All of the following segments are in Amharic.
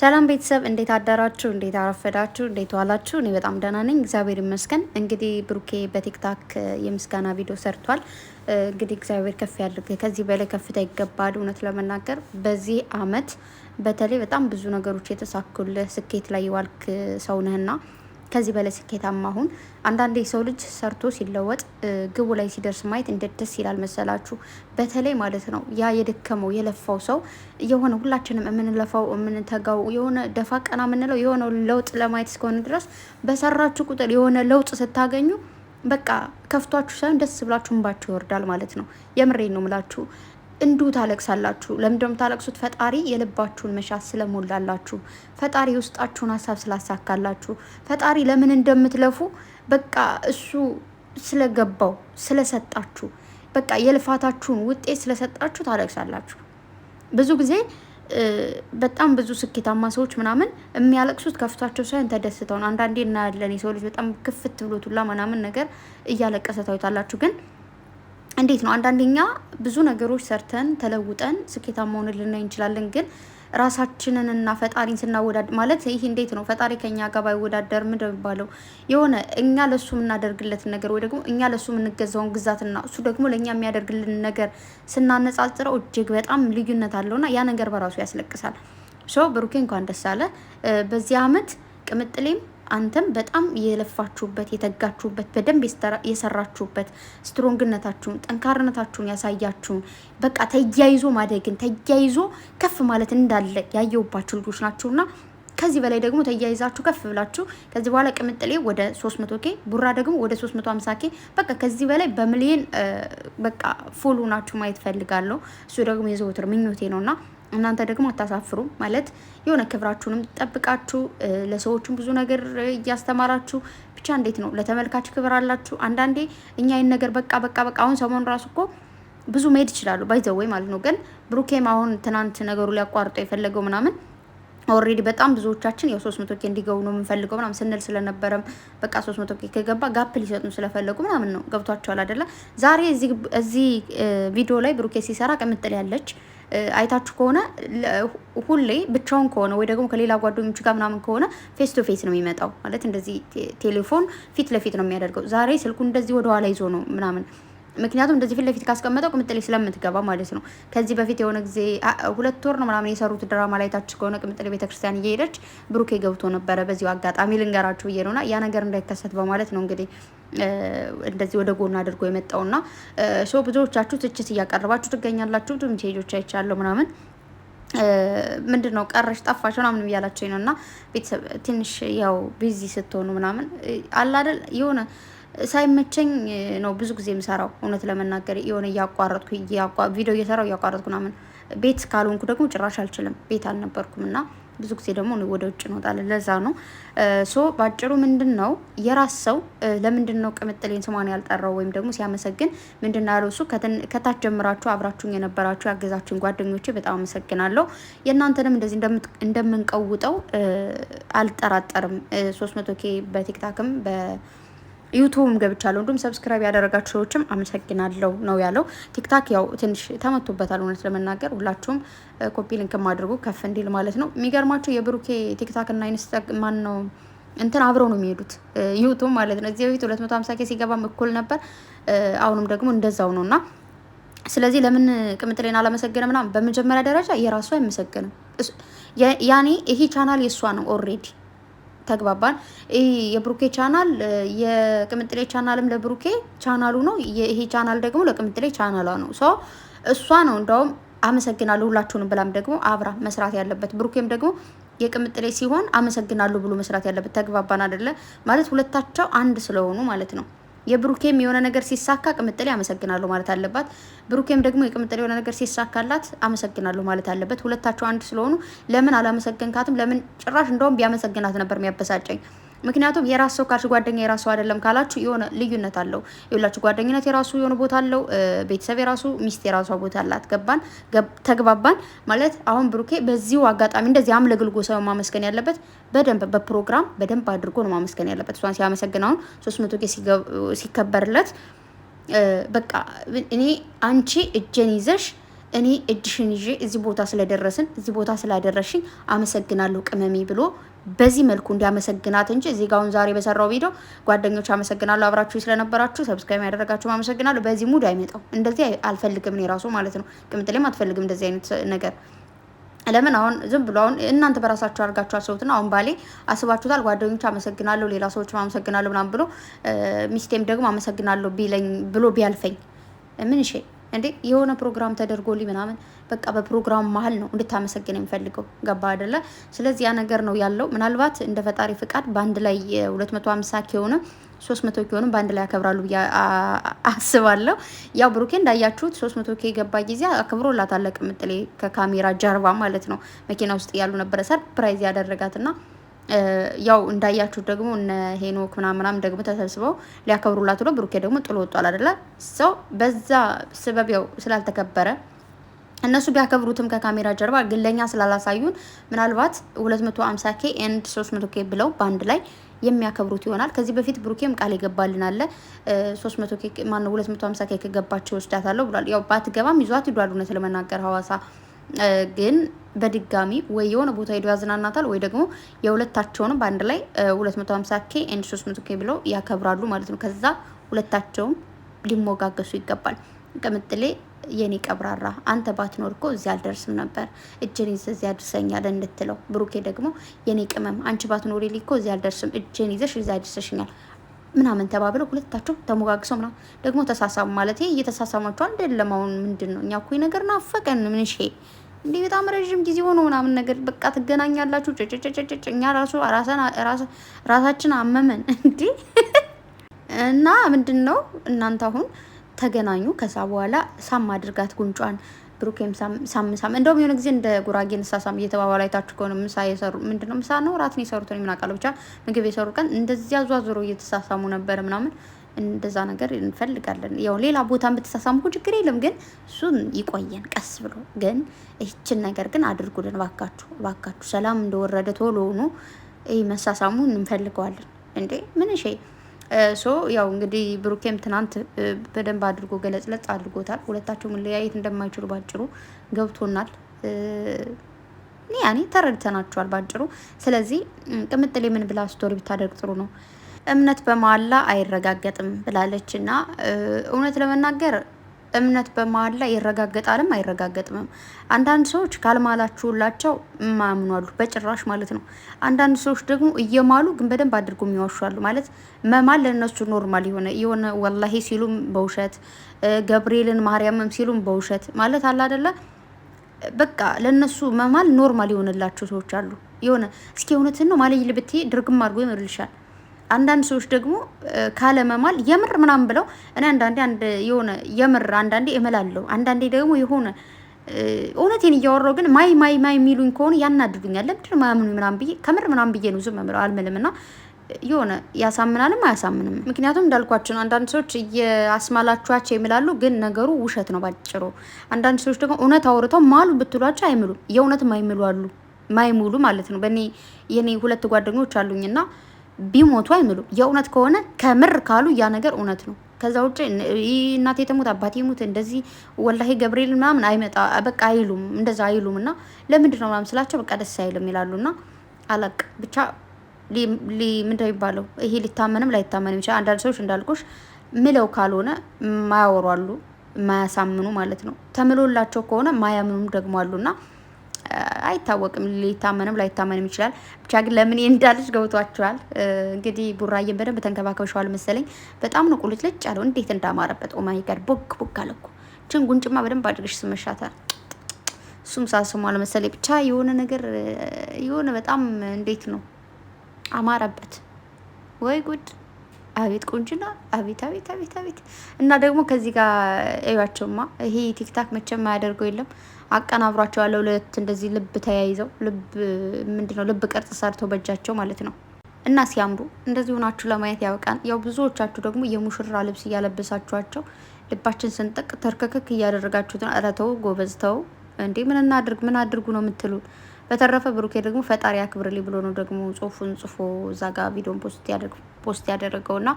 ሰላም ቤተሰብ እንዴት አደራችሁ? እንዴት አረፈዳችሁ? እንዴት ዋላችሁ? እኔ በጣም ደህና ነኝ፣ እግዚአብሔር ይመስገን። እንግዲህ ብሩኬ በቲክታክ የምስጋና ቪዲዮ ሰርቷል። እንግዲህ እግዚአብሔር ከፍ ያድርግ፣ ከዚህ በላይ ከፍታ ይገባል። እውነት ለመናገር በዚህ አመት በተለይ በጣም ብዙ ነገሮች የተሳኩልህ ስኬት ላይ የዋልክ ሰውነህና ከዚህ በላይ ስኬታማ ሁን። አንዳንዴ የሰው ልጅ ሰርቶ ሲለወጥ ግቡ ላይ ሲደርስ ማየት እንዴት ደስ ይላል መሰላችሁ። በተለይ ማለት ነው ያ የደከመው የለፋው ሰው የሆነ ሁላችንም የምንለፋው የምንተጋው የሆነ ደፋ ቀና የምንለው የሆነ ለውጥ ለማየት እስከሆነ ድረስ በሰራችሁ ቁጥር የሆነ ለውጥ ስታገኙ በቃ ከፍቷችሁ ሳይሆን ደስ ብላችሁ እንባችሁ ይወርዳል ማለት ነው። የምሬ ነው ምላችሁ እንዱ ታለቅሳላችሁ። ለምንድነው ታለቅሱት ፈጣሪ የልባችሁን መሻት ስለሞላላችሁ፣ ፈጣሪ የውስጣችሁን ሀሳብ ስላሳካላችሁ፣ ፈጣሪ ለምን እንደምትለፉ በቃ እሱ ስለገባው ስለሰጣችሁ፣ በቃ የልፋታችሁን ውጤት ስለሰጣችሁ ታለቅሳላችሁ። ብዙ ጊዜ በጣም ብዙ ስኬታማ ሰዎች ምናምን የሚያለቅሱት ከፍቷቸው ሳይሆን ተደስተው ነው። አንዳንዴ እናያለን የሰው ልጅ በጣም ክፍት ብሎቱላ ምናምን ነገር እያለቀሰ ታዩታላችሁ ግን እንዴት ነው አንዳንደኛ ብዙ ነገሮች ሰርተን ተለውጠን ስኬታማ መሆን ልናይ እንችላለን። ግን ራሳችንን እና ፈጣሪን ስናወዳድ ማለት ይህ እንዴት ነው? ፈጣሪ ከኛ ጋር ባይወዳደር ምንድን የሚባለው? የሆነ እኛ ለሱ የምናደርግለትን ነገር ወይ ደግሞ እኛ ለሱ የምንገዛውን ግዛትና እሱ ደግሞ ለእኛ የሚያደርግልን ነገር ስናነጻጽረው እጅግ በጣም ልዩነት አለውና ያ ነገር በራሱ ያስለቅሳል። ሶ ብሩኬ እንኳን ደስ አለ በዚህ አመት ቅምጥሌም አንተም በጣም የለፋችሁበት የተጋችሁበት በደንብ የሰራችሁበት ስትሮንግነታችሁን ጠንካርነታችሁን ያሳያችሁን በቃ ተያይዞ ማደግን ተያይዞ ከፍ ማለት እንዳለ ያየውባችሁ ልጆች ናችሁና ከዚህ በላይ ደግሞ ተያይዛችሁ ከፍ ብላችሁ ከዚህ በኋላ ቅምጥሌ ወደ 300 ኬ ቡራ ደግሞ ወደ 350 ኬ በቃ ከዚህ በላይ በሚሊየን በቃ ፉሉ ናችሁ ማየት ፈልጋለሁ። እሱ ደግሞ የዘወትር ምኞቴ ነውና እናንተ ደግሞ አታሳፍሩም ማለት የሆነ ክብራችሁንም ጠብቃችሁ ለሰዎችም ብዙ ነገር እያስተማራችሁ ብቻ እንዴት ነው ለተመልካች ክብር አላችሁ። አንዳንዴ እኛ ይህን ነገር በቃ በቃ በቃ አሁን ሰሞን ራሱ እኮ ብዙ መሄድ ይችላሉ ባይዘወይ ማለት ነው። ግን ብሩኬም አሁን ትናንት ነገሩ ሊያቋርጠው የፈለገው ምናምን ኦሬዲ በጣም ብዙዎቻችን ያው ሶስት መቶ ኬ እንዲገቡ ነው የምንፈልገው ምናምን ስንል ስለነበረም በቃ ሶስት መቶ ኬ ከገባ ጋፕ ሊሰጡን ስለፈለጉ ምናምን ነው ገብቷቸዋል አይደለ? ዛሬ እዚህ ቪዲዮ ላይ ብሩኬ ሲሰራ ቅምጥል ያለች አይታችሁ ከሆነ ሁሌ ብቻውን ከሆነ ወይ ደግሞ ከሌላ ጓደኞች ጋር ምናምን ከሆነ ፌስ ቱ ፌስ ነው የሚመጣው ማለት እንደዚህ ቴሌፎን ፊት ለፊት ነው የሚያደርገው። ዛሬ ስልኩን እንደዚህ ወደኋላ ይዞ ነው ምናምን ምክንያቱም እንደዚህ ፊት ለፊት ካስቀመጠው ቅምጥሌ ስለምትገባ ማለት ነው። ከዚህ በፊት የሆነ ጊዜ ሁለት ወር ነው ምናምን የሰሩት ድራማ ላይ ታች ከሆነ ቅምጥሌ ቤተክርስቲያን እየሄደች ብሩኬ ገብቶ ነበረ። በዚሁ አጋጣሚ ልንገራችሁ ብዬ ነውና ያ ነገር እንዳይከሰት በማለት ነው እንግዲህ እንደዚህ ወደ ጎን አድርጎ የመጣውና ሰው ብዙዎቻችሁ ትችት እያቀረባችሁ ትገኛላችሁ። ብዙም ሴጆች አይቻለሁ ምናምን ምንድን ነው ቀረሽ ጠፋሽ ምናምን እያላቸው ነው እና ቤተሰብ ትንሽ ያው ቢዚ ስትሆኑ ምናምን አላደል የሆነ ሳይመቸኝ ነው ብዙ ጊዜ የምሰራው። እውነት ለመናገር የሆነ እያቋረጥኩ ቪዲዮ እየሰራው እያቋረጥኩ ምናምን ቤት ካልሆንኩ ደግሞ ጭራሽ አልችልም። ቤት አልነበርኩም እና ብዙ ጊዜ ደግሞ ወደ ውጭ እንወጣለን። ለዛ ነው ሶ ባጭሩ ምንድን ነው የራስ ሰው ለምንድን ነው ቅምጥሌን ስሟን ያልጠራው ወይም ደግሞ ሲያመሰግን ምንድን ያለው እሱ ከታች ጀምራችሁ አብራችሁን የነበራችሁ ያገዛችሁን ጓደኞቼ በጣም አመሰግናለሁ። የእናንተንም እንደዚህ እንደምንቀውጠው አልጠራጠርም። ሶስት መቶ ኬ በቲክታክም ዩቱብም ገብቻለሁ። እንዲሁም ሰብስክራይብ ያደረጋችሁ ሰዎችም አመሰግናለሁ ነው ያለው። ቲክታክ ያው ትንሽ ተመቶበታል፣ እውነት ለመናገር ሁላችሁም ኮፒ ሊንክ ማድረጉ ከፍ እንዲል ማለት ነው። የሚገርማችሁ የብሩኬ ቲክታክ እና ኢንስታግራም ማን ነው እንትን አብረው ነው የሚሄዱት ዩቱብ ማለት ነው። እዚህ በፊት 250 ኬ ሲገባም እኩል ነበር፣ አሁንም ደግሞ እንደዛው ነው እና ስለዚህ ለምን ቅምጥሌን አላመሰገነም ምናምን፣ በመጀመሪያ ደረጃ የራሱ አይመሰግንም። ያኔ ይሄ ቻናል የእሷ ነው ኦሬዲ። ተግባባን። የብሩኬ ቻናል የቅምጥሌ ቻናልም ለብሩኬ ቻናሉ ነው። ይሄ ቻናል ደግሞ ለቅምጥሌ ቻናሏ ነው። ሶ እሷ ነው እንዳውም አመሰግናለሁ ሁላችሁንም ብላም ደግሞ አብራ መስራት ያለበት ብሩኬም ደግሞ የቅምጥሌ ሲሆን አመሰግናለሁ ብሎ መስራት ያለበት ተግባባን አይደለ? ማለት ሁለታቸው አንድ ስለሆኑ ማለት ነው። የብሩኬም የሆነ ነገር ሲሳካ ቅምጥሌ አመሰግናለሁ ማለት አለባት። ብሩኬም ደግሞ የቅምጥሌ የሆነ ነገር ሲሳካላት አመሰግናለሁ ማለት አለበት። ሁለታቸው አንድ ስለሆኑ ለምን አላመሰገንካትም? ለምን ጭራሽ እንደውም ቢያመሰግናት ነበር የሚያበሳጨኝ። ምክንያቱም የራስ ሰው ካልሽ ጓደኛ የራስ ሰው አይደለም ካላችሁ የሆነ ልዩነት አለው። ይኸውላችሁ ጓደኝነት የራሱ የሆነ ቦታ አለው፣ ቤተሰብ የራሱ ሚስት የራሷ ቦታ አላት። ገባን ተግባባን ማለት አሁን ብሩኬ በዚሁ አጋጣሚ እንደዚህ አምለግልጎ ሰው ማመስገን ያለበት በደንብ በፕሮግራም በደንብ አድርጎ ነው ማመስገን ያለበት። እሷን ሲያመሰግን አሁን ሶስት መቶ ኬ ሲከበርለት በቃ እኔ አንቺ እጄን ይዘሽ እኔ እጅሽን ይዤ እዚህ ቦታ ስለደረስን እዚህ ቦታ ስላደረሽኝ አመሰግናለሁ ቅመሜ ብሎ በዚህ መልኩ እንዲያመሰግናት እንጂ እዚህ ጋውን ዛሬ በሰራው ቪዲዮ ጓደኞች አመሰግናለሁ፣ አብራችሁ ስለነበራችሁ ሰብስክራይብ ያደረጋችሁ አመሰግናለሁ። በዚህ ሙድ አይመጣው እንደዚህ አልፈልግም እኔ ራሱ ማለት ነው። ቅምጥሌም አትፈልግም እንደዚህ አይነት ነገር ለምን አሁን ዝም ብሎ አሁን እናንተ በራሳችሁ አድርጋችሁ አስቡትና፣ አሁን ባሌ አስባችሁታል። ጓደኞች አመሰግናለሁ፣ ሌላ ሰዎችም አመሰግናለሁ ምናምን ብሎ ሚስቴም ደግሞ አመሰግናለሁ ቢለኝ ብሎ ቢያልፈኝ ምን እንዴ የሆነ ፕሮግራም ተደርጎልኝ ምናምን በቃ በፕሮግራም መሀል ነው እንድታመሰግን የሚፈልገው ገባ አይደለ? ስለዚህ ያ ነገር ነው ያለው። ምናልባት እንደ ፈጣሪ ፍቃድ በአንድ ላይ ሁለት መቶ ሀምሳ ከሆነ ሶስት መቶ ኬሆንም በአንድ ላይ ያከብራሉ ብዬ አስባለሁ። ያው ብሩኬ እንዳያችሁት ሶስት መቶ ኬ የገባ ጊዜ አክብሮ ላታለቅ ምጥሌ ከካሜራ ጀርባ ማለት ነው መኪና ውስጥ ያሉ ነበረ ሰርፕራይዝ ያደረጋትና ያው እንዳያችሁ ደግሞ እነ ሄኖክ ምናምናም ደግሞ ተሰብስበው ሊያከብሩላት ብሎ ብሩኬ ደግሞ ጥሎ ወጧል አይደለ? ሰው በዛ ስበብ ያው ስላልተከበረ እነሱ ቢያከብሩትም ከካሜራ ጀርባ ግን ለእኛ ስላላሳዩን ምናልባት 250 ኬ ኤንድ 300 ኬ ብለው በአንድ ላይ የሚያከብሩት ይሆናል። ከዚህ በፊት ብሩኬም ቃል ይገባልን አለ 300 ኬ ማነው 250 ኬ ከገባች ወስዳታለሁ ብሏል። ያው ባትገባም ይዟት ይዷል። እውነት ለመናገር ሀዋሳ ግን በድጋሚ ወይ የሆነ ቦታ ሄዶ ያዝናናታል ወይ ደግሞ የሁለታቸውንም በአንድ ላይ ሁለት መቶ ሀምሳ ኬ ኤንድ ሶስት መቶ ኬ ብለው ያከብራሉ ማለት ነው። ከዛ ሁለታቸውም ሊሞጋገሱ ይገባል። ቅምጥሌ የኔ ቀብራራ አንተ ባትኖር እኮ እዚህ አልደርስም ነበር፣ እጄን ይዘህ እዚህ አድርሰኛል እንድትለው። ብሩኬ ደግሞ የኔ ቅመም አንቺ ባትኖሪ እኮ እዚህ አልደርስም፣ እጄን ይዘሽ እዚህ አድርሰሽኛል። ምናምን ተባብለው ሁለታቸው ተሞጋግሰው ምናምን ደግሞ ተሳሳሙ። ማለት እየተሳሳማቸው አይደለም። አሁን ምንድን ነው እኛ እኮ ነገር ናፈቀን ምንሽ እንዲህ በጣም ረዥም ጊዜ ሆኖ ምናምን ነገር በቃ ትገናኛላችሁ። ጭጭጭጭጭ እኛ ራሱ ራሳችን አመመን እንዲ እና ምንድን ነው እናንተ አሁን ተገናኙ። ከዛ በኋላ ሳም አድርጋት ጉንጯን ብሩኬም ሳም ሳም እንደውም የሆነ ጊዜ እንደ ጉራጌ ንሳ ሳም እየተባባሉ አይታችሁ ከሆነ ምሳ የሰሩ ምንድን ነው ምሳ ነው ራትን የሰሩት ነው የምናውቃለሁ ብቻ ምግብ የሰሩ ቀን እንደዚያ ዟዞሮ እየተሳሳሙ ነበር ምናምን እንደዛ ነገር እንፈልጋለን። ያው ሌላ ቦታን ብትሳሳሙ ችግር የለም ግን እሱን ይቆየን ቀስ ብሎ ግን ይችን ነገር ግን አድርጉልን ባካችሁ፣ ባካችሁ ሰላም እንደወረደ ቶሎ ሆኖ ይህ መሳሳሙን እንፈልገዋለን። እንዴ ምን ሶ ያው እንግዲህ ብሩኬም ትናንት በደንብ አድርጎ ገለጽለጽ አድርጎታል። ሁለታቸው መለያየት እንደማይችሉ ባጭሩ ገብቶናል። ያኔ ተረድተናቸዋል ባጭሩ። ስለዚህ ቅምጥሌ ምን ብላ ስቶሪ ብታደርግ ጥሩ ነው፣ እምነት በማላ አይረጋገጥም ብላለች እና እውነት ለመናገር እምነት በመሀል ላይ ይረጋገጣልም አይረጋገጥምም። አንዳንድ ሰዎች ካልማላችሁላቸው ማምኑ አሉ፣ በጭራሽ ማለት ነው። አንዳንድ ሰዎች ደግሞ እየማሉ ግን በደንብ አድርጎ የሚዋሻሉ ማለት መማል ለእነሱ ኖርማል የሆነ የሆነ ወላሂ ሲሉም በውሸት ገብርኤልን ማርያምም ሲሉም በውሸት ማለት አለ አደለ። በቃ ለእነሱ መማል ኖርማል የሆነላቸው ሰዎች አሉ። የሆነ እስኪ እውነትን ነው ማለይ ልብቴ ድርግም አድርጎ ይመልሻል። አንዳንድ ሰዎች ደግሞ ካለመማል የምር ምናምን ብለው እኔ አንዳንዴ አንድ የሆነ የምር አንዳንዴ እምላለሁ፣ አንዳንዴ ደግሞ የሆነ እውነቴን እያወራሁ ግን ማይ ማይ ማይ የሚሉኝ ከሆነ ያናድዱኛል። ለምንድን ማያምኑ ምናምን ብዬ ከምር ምናምን ብዬ ነው ዝም ምለው አልምልም እና የሆነ ያሳምናልም አያሳምንም። ምክንያቱም እንዳልኳቸው ነው። አንዳንድ ሰዎች እየአስማላችኋቸው ይምላሉ፣ ግን ነገሩ ውሸት ነው ባጭሩ። አንዳንድ ሰዎች ደግሞ እውነት አውርተው ማሉ ብትሏቸው አይምሉም፣ የእውነት ማይምሉ አሉ ማይሙሉ ማለት ነው። በእኔ የኔ ሁለት ጓደኞች አሉኝና ቢሞቱ አይምሉም። የእውነት ከሆነ ከምር ካሉ ያ ነገር እውነት ነው። ከዛ ውጭ እናቴ ተሞት አባቴ ሙት እንደዚህ ወላሂ ገብርኤል ምናምን አይመጣ በቃ አይሉም፣ እንደዛ አይሉም። እና ለምንድን ነው ምናምን ስላቸው በቃ ደስ አይልም ይላሉ። እና አላቅ ብቻ ምንድ ይባለው ይሄ ሊታመንም ላይታመንም ይችላል። አንዳንድ ሰዎች እንዳልኩሽ ምለው ካልሆነ ማያወሩ አሉ፣ ማያሳምኑ ማለት ነው። ተምሎላቸው ከሆነ ማያምኑም ደግሞ አሉና አይታወቅም ሊታመንም ላይታመንም ይችላል። ብቻ ግን ለምን እንዳለች ገብቷቸዋል። እንግዲህ ቡራዬን በደንብ ተንከባከብሸዋል መሰለኝ። በጣም ነው ቁልጭ ልጭ ያለው እንዴት እንዳማረበት። ኦማይጋድ ጋድ ቦግ ቦግ አለ ችን ጉንጭማ በደንብ አድርገሽ ስመሻታል። እሱም ሳስሟል መሰለኝ። ብቻ የሆነ ነገር የሆነ በጣም እንዴት ነው አማረበት ወይ ጉድ አቤት ቁንጅና! አቤት አቤት አቤት አቤት! እና ደግሞ ከዚህ ጋር እዩዋቸውማ። ይሄ ቲክታክ መቼም የማያደርገው የለም። አቀናብሯቸዋለሁ። ሁለት እንደዚህ ልብ ተያይዘው ልብ ምንድነው ልብ ቅርጽ ሰርተው በእጃቸው ማለት ነው። እና ሲያምሩ እንደዚህ ሆናችሁ ለማየት ያውቃን ያው ብዙዎቻችሁ ደግሞ የሙሽራ ልብስ እያለበሳችኋቸው ልባችን ስንጠቅ ተርከክክ እያደረጋችሁትን እረተው ጎበዝተው እንዴ ምን እናድርግ ምን አድርጉ ነው የምትሉ። በተረፈ ብሩኬ ደግሞ ፈጣሪ አክብርልኝ ብሎ ነው ደግሞ ጽሁፉን ጽፎ እዛ ጋር ቪዲዮን ፖስት ያደርጉ ፖስት ያደረገውና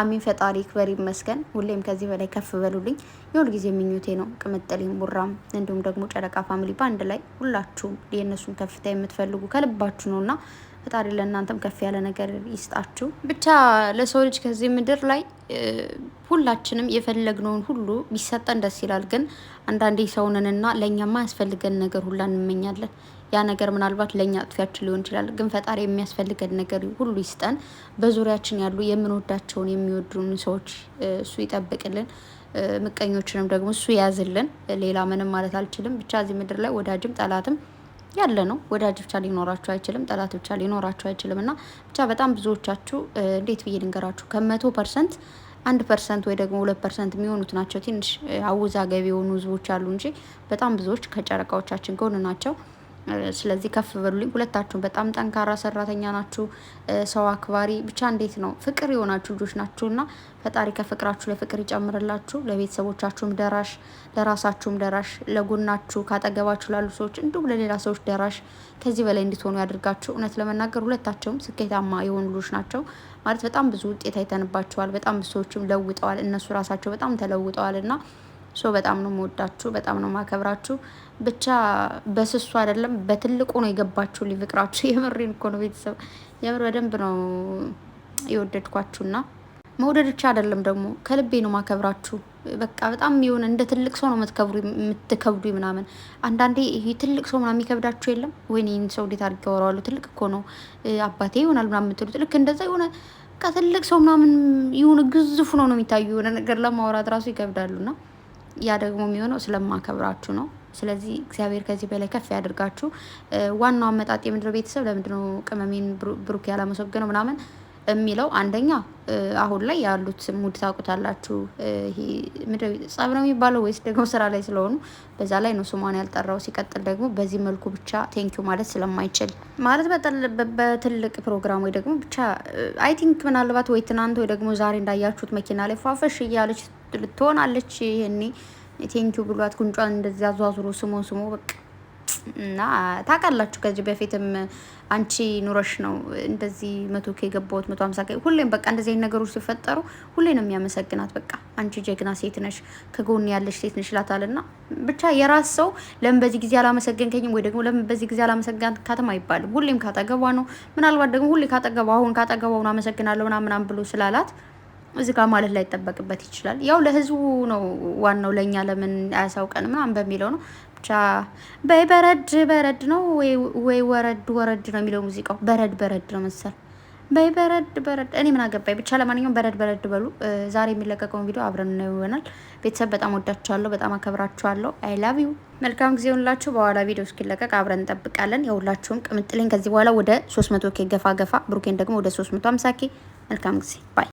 አሚን ፈጣሪ ክበር ይመስገን። ሁሌም ከዚህ በላይ ከፍ በሉልኝ የሁል ጊዜ ምኞቴ ነው። ቅምጥሌም ቡራም እንዲሁም ደግሞ ጨረቃ ፋሚሊ በአንድ ላይ ሁላችሁም የእነሱን ከፍታ የምትፈልጉ ከልባችሁ ነውና ፈጣሪ ለእናንተም ከፍ ያለ ነገር ይስጣችሁ። ብቻ ለሰው ልጅ ከዚህ ምድር ላይ ሁላችንም የፈለግነውን ሁሉ ቢሰጠን ደስ ይላል። ግን አንዳንዴ ሰውንንና ለእኛማ ያስፈልገን ነገር ሁላ እንመኛለን። ያ ነገር ምናልባት ለእኛ አጥፊያችን ሊሆን ይችላል። ግን ፈጣሪ የሚያስፈልገን ነገር ሁሉ ይስጠን። በዙሪያችን ያሉ የምንወዳቸውን የሚወዱን ሰዎች እሱ ይጠብቅልን። ምቀኞችንም ደግሞ እሱ ያዝልን። ሌላ ምንም ማለት አልችልም። ብቻ እዚህ ምድር ላይ ወዳጅም ጠላትም ያለ ነው። ወዳጅ ብቻ ሊኖራችሁ አይችልም፣ ጠላት ብቻ ሊኖራችሁ አይችልም። እና ብቻ በጣም ብዙዎቻችሁ እንዴት ብዬ ልንገራችሁ ከመቶ ፐርሰንት አንድ ፐርሰንት ወይ ደግሞ ሁለት ፐርሰንት የሚሆኑት ናቸው ትንሽ አወዛጋቢ የሆኑ ህዝቦች አሉ እንጂ በጣም ብዙዎች ከጨረቃዎቻችን ጎን ናቸው። ስለዚህ ከፍ በሉልኝ። ሁለታችሁም በጣም ጠንካራ ሰራተኛ ናችሁ፣ ሰው አክባሪ ብቻ እንዴት ነው ፍቅር የሆናችሁ ልጆች እና ፈጣሪ ከፍቅራችሁ ለፍቅር ይጨምርላችሁ። ለቤተሰቦቻችሁም ደራሽ፣ ለራሳችሁም ደራሽ፣ ለጎናችሁ ካጠገባችሁ ላሉ ሰዎች እንዲሁም ለሌላ ሰዎች ደራሽ ከዚህ በላይ እንድትሆኑ ያደርጋችሁ። እውነት ለመናገር ሁለታቸውም ስኬታማ የሆኑ ልጆች ናቸው ማለት በጣም ብዙ ውጤት አይተንባቸዋል። በጣም ብዙ ሰዎችም ለውጠዋል። እነሱ ራሳቸው በጣም ተለውጠዋል እና ሶ በጣም ነው መወዳችሁ፣ በጣም ነው ማከብራችሁ። ብቻ በስሱ አይደለም በትልቁ ነው የገባችሁ ሊፍቅራችሁ። የምሬን እኮ ነው ቤተሰብ፣ የምር በደንብ ነው የወደድኳችሁና መውደድ ብቻ አይደለም ደግሞ ከልቤ ነው ማከብራችሁ። በቃ በጣም የሆነ እንደ ትልቅ ሰው ነው የምትከብሩ የምትከብዱ ምናምን። አንዳንዴ ይሄ ትልቅ ሰው ምናምን የሚከብዳችሁ የለም ወይኔ ይህን ሰው እንዴት አድርጌ አወራዋለሁ ትልቅ እኮ ነው አባቴ ይሆናል ምናምን የምትሉት ልክ እንደዛ የሆነ በቃ ትልቅ ሰው ምናምን የሆነ ግዙፍ ነው ነው የሚታዩ የሆነ ነገር ለማውራት ራሱ ይከብዳሉና ያ ደግሞ የሚሆነው ስለማከብራችሁ ነው። ስለዚህ እግዚአብሔር ከዚህ በላይ ከፍ ያደርጋችሁ። ዋናው አመጣጥ የምድር ቤተሰብ ለምንድነው ቅመሜን ብሩክ ያላመሰገነው ምናምን የሚለው አንደኛ አሁን ላይ ያሉት ሙድ ታውቁታላችሁ። ምድር ጸብ ነው የሚባለው ወይስ ደግሞ ስራ ላይ ስለሆኑ በዛ ላይ ነው ስሟን ያልጠራው። ሲቀጥል ደግሞ በዚህ መልኩ ብቻ ቴንኪዩ ማለት ስለማይችል ማለት በትልቅ ፕሮግራም ወይ ደግሞ ብቻ አይ ቲንክ ምናልባት ወይ ትናንት ወይ ደግሞ ዛሬ እንዳያችሁት መኪና ላይ ፏፈሽ እያለች ልትሆናለች። ይሄኔ ቴንኪው ብሏት ጉንጯን እንደዚያ አዟዙሮ ስሞ ስሞ በቃ እና ታውቃላችሁ፣ ከዚህ በፊትም አንቺ ኑረሽ ነው እንደዚህ መቶ ከገባሁት መቶ ሀምሳ ሁሌም በቃ እንደዚህ አይነት ነገሮች ሲፈጠሩ ሁሌ ነው የሚያመሰግናት። በቃ አንቺ ጀግና ሴት ነሽ፣ ከጎን ያለሽ ሴት ነሽ ይላታል። እና ብቻ የራስ ሰው ለምን በዚህ ጊዜ አላመሰገንከኝም ወይ ደግሞ ለምን በዚህ ጊዜ አላመሰገናት ካትም አይባልም። ሁሌም ካጠገቧ ነው። ምናልባት ደግሞ ሁሌ ካጠገቧ አሁን ካጠገቧ አመሰግናለሁ ምናምን ብሎ ስላላት እዚህ ጋር ማለት ላይ ይጠበቅበት ይችላል። ያው ለህዝቡ ነው ዋናው፣ ለእኛ ለምን አያሳውቀን ምናምን በሚለው ነው ብቻ። በይ በረድ በረድ ነው ወይ ወረድ ወረድ ነው የሚለው ሙዚቃው። በረድ በረድ ነው መሰል። በይ በረድ በረድ፣ እኔ ምን አገባኝ። ብቻ ለማንኛውም በረድ በረድ በሉ። ዛሬ የሚለቀቀውን ቪዲዮ አብረን ነው ይሆናል። ቤተሰብ በጣም ወዳችኋለሁ፣ በጣም አከብራችኋለሁ። አይ ላቭ ዩ። መልካም ጊዜ ሁላችሁ። በኋላ ቪዲዮ እስኪለቀቅ አብረን እንጠብቃለን። የሁላችሁም ቅምጥልኝ ከዚህ በኋላ ወደ ሶስት መቶ ኬ ገፋ ገፋ፣ ብሩኬን ደግሞ ወደ 350 ኬ። መልካም ጊዜ ባይ